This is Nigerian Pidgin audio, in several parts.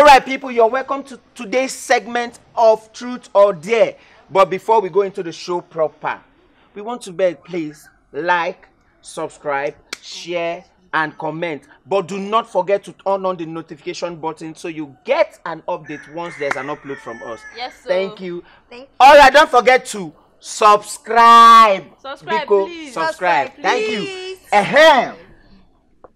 All right, people, you're welcome to today's segment of Truth or Dare. But before we go into the show proper, we want to beg, please, like, subscribe, share, and comment. But do not forget to turn on the notification button so you get an update once there's an upload from us. Yes, sir. Thank you. Thank you. All right, don't forget to subscribe. Subscribe, Biko, please. Subscribe. subscribe please. Thank you. Ahem.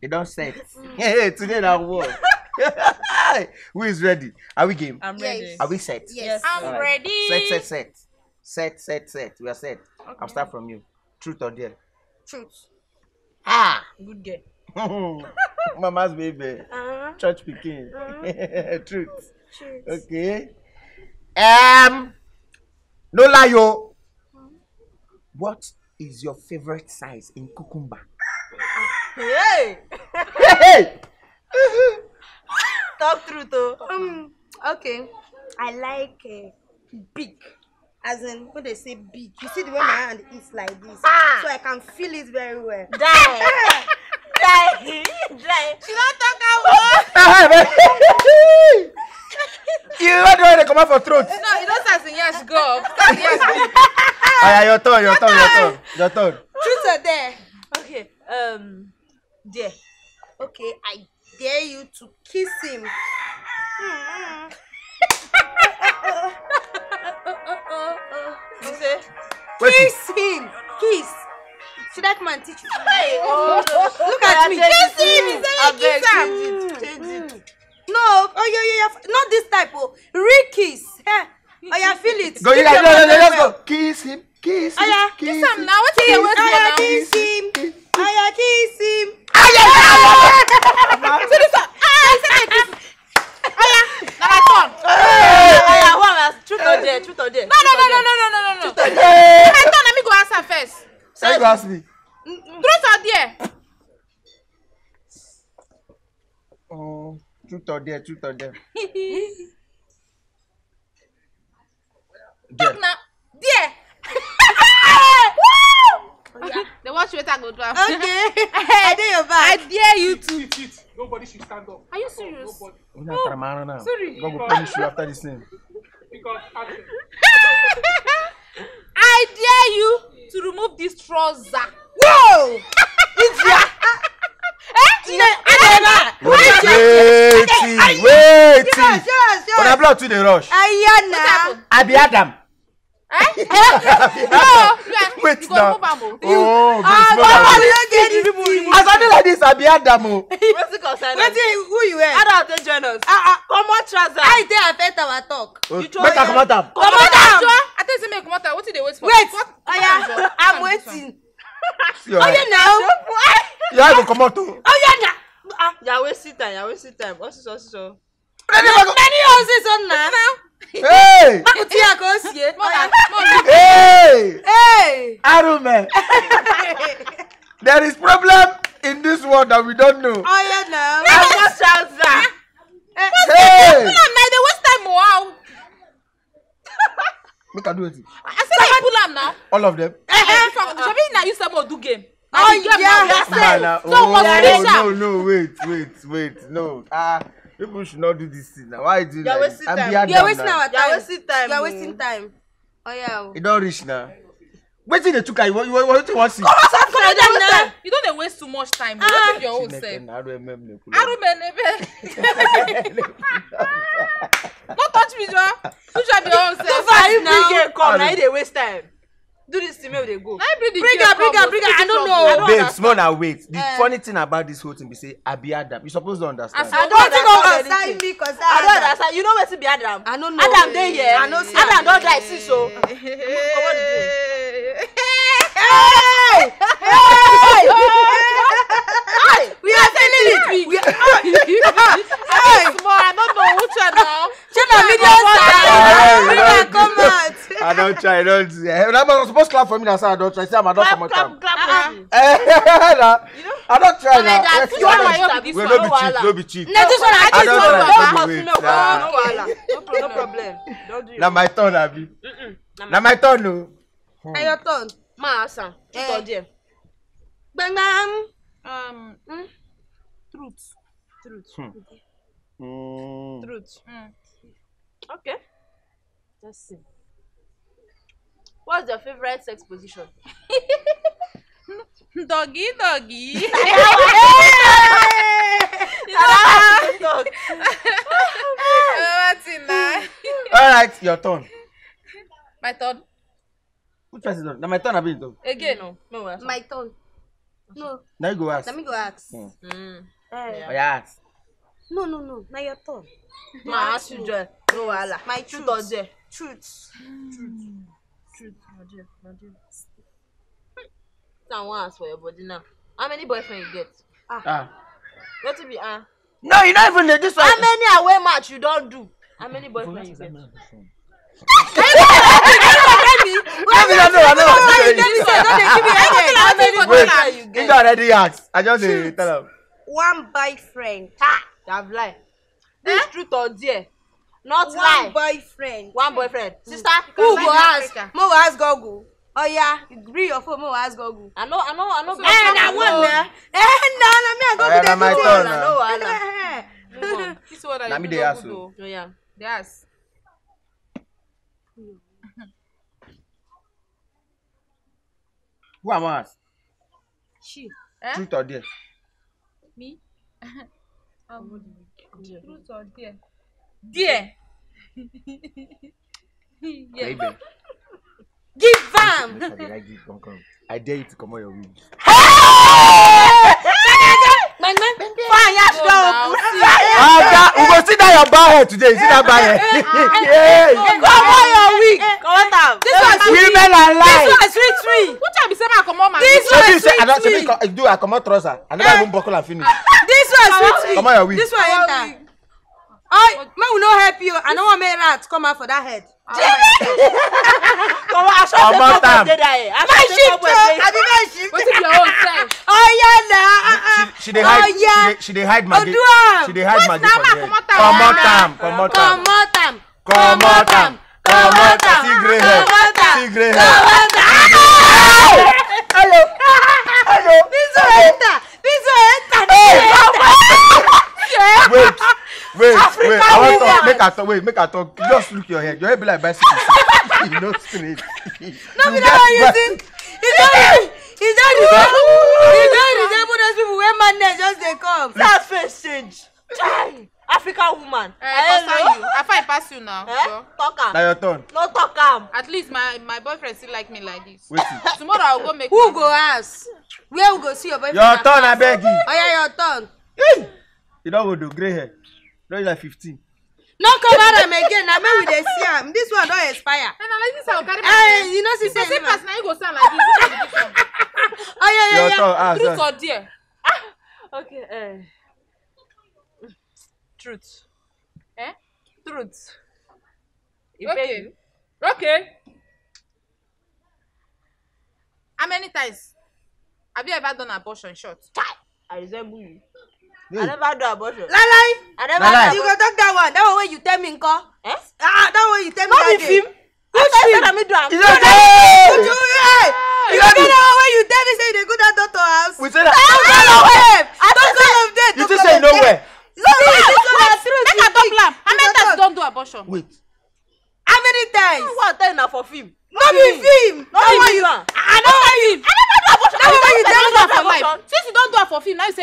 You don't say it. Today, that was. Hi! Who is ready? Are we game? I'm ready. Yes. Are we set? Yes. I'm right. ready. Set, set, set. Set, set, set. We are set. Okay. I'll start from you. Truth or dare? Truth. Ah! Good girl. Mama's baby. Uh-huh. Church picking. Uh-huh. Truth. Truth. Okay. Um, no lie, yo. Huh? What is your favorite size in cucumber? hey! hey! Talk through though. Um, okay. I like uh, big. As in, when they say big, you see the way my hand is like this. Ah. So I can feel it very well. Die. Die. Die. She don't talk about ah, You want the one to come out for throat? No, it do not say in yes, go. Yes, go. Aya, ah, your turn, your turn, your turn. Your turn. Truth or dare? Okay. Um, dare. Okay, I dare you to kiss him. Okay. kiss him kiss should that man teach you. oh, look at me kiss him he say you kiss am. Mm. no oh, yeah, yeah. not this type Oh, real kiss. oh yeah, feel it. Go, yeah, no, no, no, go. Kiss him, kiss him. yeah. kiss him now. What are you waiting for now? Kiss him. Oya, kiss him. Oya, kiss him to this one. Ah, say like this. Aya, na my turn. Aya, who am Truth or dare? Truth or dare? No, no, no, no, no, no, no, no. Truth or dare? My turn. Let me go ask her first. Let me go ask me. Truth or dare? Oh, truth or dare? Truth or dare? Talk now. Dare then what should I go do after? Okay. I dare you. back. I dare you to. Eat, eat. Nobody should stand up. Are you serious? Nobody. Oh, sorry. God will punish you after this thing. Because I dare you to remove this trouser. Whoa! It's ya. Eh? Wait, wait. On a blood to the rush. Ayana. Abi Adam wait now oh god why you no get it i dey like this i be adam o. wetin concern us who you wear adam dey Ah us comot trouser how e take affect our talk. You make i comot am comot am i tell you say make you What did they dey wait for wait oya i'm waiting Oh yeah, now. oya na oya go comot o yeah. na. yawe sit time yawe sit time What's ọsísọ ọsísọ. Many houses on Nana. Hey! Makutia Kosie. Hey! Hey! Arume. There is problem in this world that we don't know. Oh yeah, no. Never just shout that. Hey! Now they What's time. Wow. Make I do it. I said I pull them now. All of them. Eh, eh, from the now. You say do game. Oh yeah, that's it. So oh, what's oh, this? Oh no, wait, wait, wait, no. Ah. Uh, people should not do this thing na why you do like this i'm behind you are wasting our time you are wasting time you are oh. wasting time oya oh, o. Oh. e don reach na wetin dey took am you wan you wan you wan see. come outside come outside na you don dey waste too much time you don do ah. your own sef. chineke na rmm lekule. rmm no touch me joa you joa your own sef. so far you bring game come na you dey waste time do this thing make we dey go. na bring the bring her, bring her! bring am i no know. babe small na wait the uh, funny thing about this whole thing be say i adam you suppose don understand. i don understand me concern adam. i don understand you know wetin be adam. i no know adam dey here adam don die since o. don't try, don't try. I'm supposed to clap for me. That's how I don't try. See, I'm not clap, clap, clap, me. I don't try now. yes, you want to no be cheap, no be cheap. No, this one I just don't Don't no, no problem. Don't do it. Now my turn, Now mm, mm. my turn, no. your turn. Ma, eh. Bang, bang. Um, hmm? truth. Truth. Hmm. Hmm. Truth. Okay. What's your favorite sex position? doggy, doggy. hey! All right, your turn. My turn. Which one is turn? Now my turn, I be it. Again, no, no. My turn. No. Now you go ask. Let me go ask. Mm. Mm. Uh, yeah. Oh, ask. No, no, no. Now your turn. My, my children. No, Allah. My truth. Truth. Truth. Mm. truth. Truth, my dear, my dear. Someone ask for your body now. How many boyfriend you get? Ah. ah. Let it be ah. No, you not even the this one. How many away match you don't do? How many boyfriend you get? Wait, you already asked. I just tell him. One boyfriend. Ha! That's lie. This truth or dare not one lie one boyfriend one boyfriend mm. sister who go ask mo go ask google oya oh, yeah. gree your phone mo go ask google i no i no i no go ask google eh na one na eh na na me i go be the one na no wahala this one na me dey ask o oya oh, dey ask. Who am I ask? She. Eh? Truth or dare? Me? um, truth or dare? Dear. yeah. Give them. I dare you to come on your Hey! Man, man, fine, yes, no. Ada, we go sit down your bar head today. Sit down bar head. Ah, ah, ah. Come on your wig. Cut am. This one women and lies. This one is sweet tree. Which one be say I come on my This one is sweet tree. I do I come on trouser. I never even buckle and finish. This one sweet tree. Come on your wig. This one enter. oh may we no help you i no wan make rat come out for that head. kọ̀wé aṣọ ṣe fọ́ bọ̀ dé dà yẹ. my shift o abi my shift. wetin be your own self. oya na oya oduam what's na ma comot am. comot am comot am comot am comot am comot am see grey hair see grey hair. hello hello hello. wait wait i wan talk make i talk wait make i talk just look your hair. your hair be like bicycle you no straight no be that one you think is that is that the same is that the same those people wey madness just dey come that face change african woman. Eh, i pass you i fit pass you now. Eh? Sure. talk am. na your turn. no talk am. at least my my boyfriend still like me like this. Wait. tomorrow i go make. who go ask where we go see your boyfriend. your turn abeg. oya oh, your turn. you don go do grey hair don use like fifteen. no cover am again na make we dey see am this one don expire. na like this one carry my name. you know say say. say pass na you go sound like this. oyo yo yo truth or dare. Ah. okay. eh. truth. Eh? truth. okay. Okay. How many times have you ever done abortion short? I resemble you. I never do abortion. Lalai. I never Lalai. You go talk that one. That one wey you tell me nko. Eh? Ah, that one you tell me Not that day. Which film? I do am. You don't know. You you go that one when you tell me say you go that doctor house. We say that. Don't go ah! nowhere. Don't go of there. You just say you know where? No, no, no. Ah, Make I talk lam. How many times don't do abortion? Wait. How many times? One time na for film. Not be film. Not be you. I never do abortion.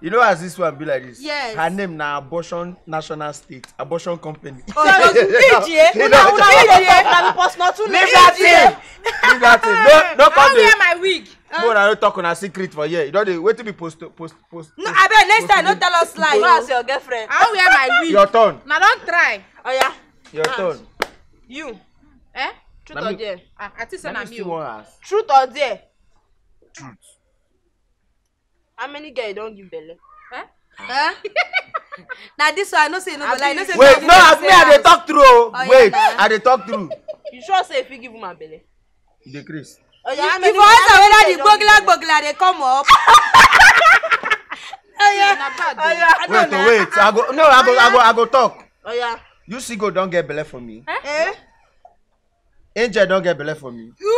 you know as this one be like this. yes her name na abortion national state abortion company. ọjọ oh, bíjìẹ una una bíjìẹ na mi personal too late. leave that thing leave that thing no no come dey. i wear my wig. mo na no talk una secret for here you don dey wetin be post post post. no abeg next time no tell us lie. go ask your girlfriend. i wan wear my wig. your turn. na don try. oya. Oh, your turn. you. Eh? truth or dare. ah i think say na me o. truth or dare. truth how many girl you don give belle. na this one i know say you no go lie say. wait no as me i dey talk true o wait i dey talk true. you sure say you fit give woman belle. e dey craze. oya how many you for answer whether the gbogila gbogila dey come up. oya oya i don't know. wait wait i go no i go i go i go talk. oya. Oh, you see go don get belle for me. Eh? eh? angel don get belle for me. You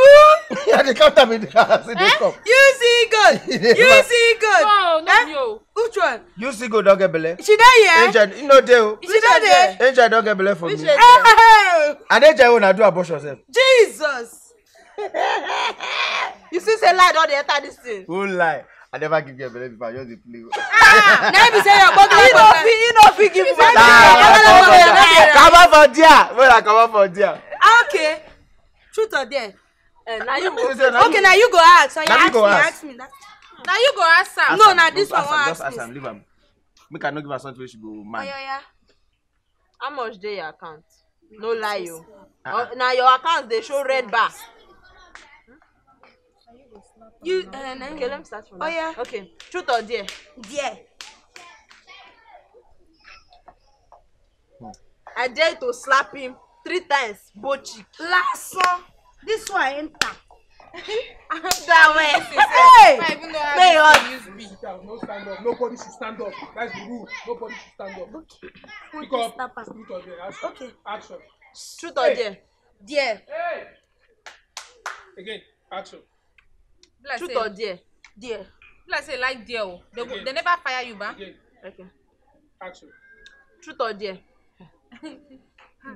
at the counter with the house in this cup. you see God. you see God. oh no eh? yo. Oh. which one. you see God. don get belle. she don hear. angel e no dey o. she don dey. angel don get belle for me. Eh, eh, eh. and angel oh, una do abortion sef. jesus. you see say lie don dey enter dis thing. who lie i never give girl belle before i just dey play. Ah, na him be say your gbogbo you no fit you no fit give me belle. on for there ah, come on for there. Ah, okay truth or dare. Eh, okay now you go ask oya ask me ask me that na you go ask am no na this one wan ask me just ask am leave am make i no give her something wey she go mind oyoya how much dey your account no lie o uh na your account dey show red bar you uh, na okay let me start from oya okay truth or dare dare hmm. i dare to slap him three times both Last one. This one enter. that way. Hey! May God use me. No stand up. Nobody should stand up. That's the rule. Nobody should stand up. Okay. Pick up. Truth or dare. Action. Okay. Action. Truth or dare. Dare. Hey! Again. Action. Like Truth or dare. Dare. Like say like dare. Oh. They, they never fire you, ba? Again. Okay. Action. Truth or dare.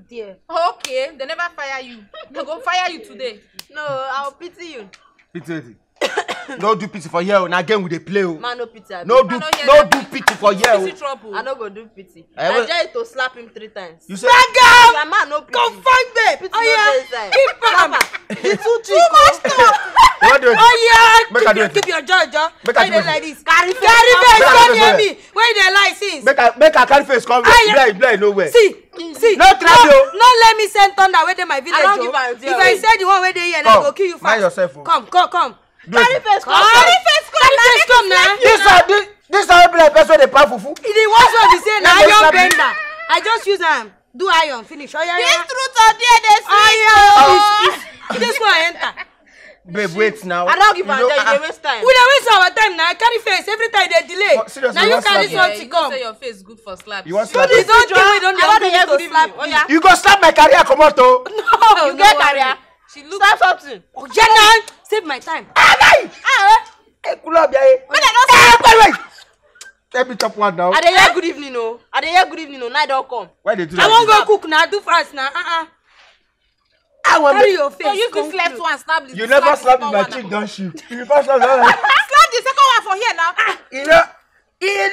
there. Okay, they never fire you. They go fire you today. No, I'll pity you. Pity. no do pity for here. Now again with the play. Oh. Man, no pity. no do, no, do pity for here. Pity trouble. I no go do pity. Eh, I, just to slap him three times. You say, Mega! Yeah, man, no pity. Come find me. Pity oh, yeah. no yeah. Keep him. Too much talk do you oh yeah make i do it keep your jaw jaw make i do like this carry face carry face come near me Where dey lie since make i make i carry face come here blind blind nowhere see mm. see no trap you oh. no let me send thunder where they my village o oh. if i oh. said you one where they here na go kill you fast come come come carry face come carry face come carry face come na this are this this one be like person dey pack fufu the ones wey be say na iron bender i just use them. do iron finish oya oya this truth or dare dey sweet oya this one enter babe wait now i don't give a damn. you ah. waste time we don't waste our time now. i carry face every time they delay oh, Now you carry something come you say your face good for slap you want slap you don think we don dey agree to slap me oh, you go slap my career come on, o no you get career slap something Oh, jenna save my time Ah, eh. hey. Cool up agai eh. ekulobia eh, wait, wait. let me chop one now i dey hear good evening o oh. i dey hear good evening o night don come Why they do that? i wan go cook now. do fast now. Uh uh-uh. na. I was carry your face. So you fit slap one, snap the. You never slap my cheek, don't you? You first slap that. Slap the second one for here now. Ah, in, know, in.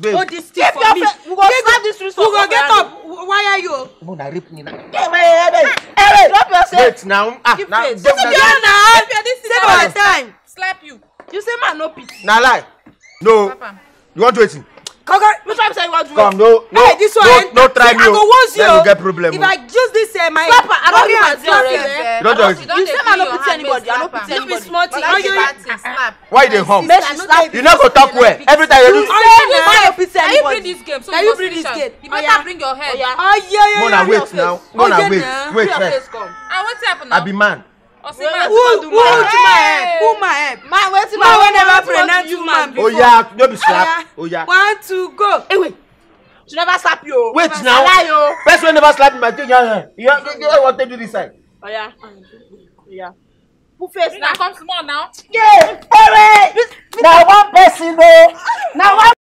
Babe. Oh, this thing for me. We go slap this wrist for We go get up. Why are you? No, na rape me now. Yeah, my head. Ah, hey, drop yourself. Wait now. Ah, now. This is your now. This is your time. Slap you. You say man no pity. Na lie. No. You want to wait? Come, no, no, hey, this one, no, eh? no, try me. I go oh. once you. Then oh. you get problem. If I oh. use this, uh, my slapper, I don't even slap her. You don't do it. You say I don't pity anybody. I don't pity anybody. Small thing. Why you Why they home? You not go talk where? Every time you do. You say you don't bring this game. So you bring this game. You better bring your head. Oh yeah, yeah, yeah. Mona, wait now. Mona, wait, wait first. I want to happen now. I be man pronounce oya no be slap oya. one two go. Eh, wait. she never slap you o. Oh. wait now person wey never slap you my thing yan yan yan yan wan take do this side. oya oya who face na. come small now. Yeah. yay wait. na one person o oh. na one.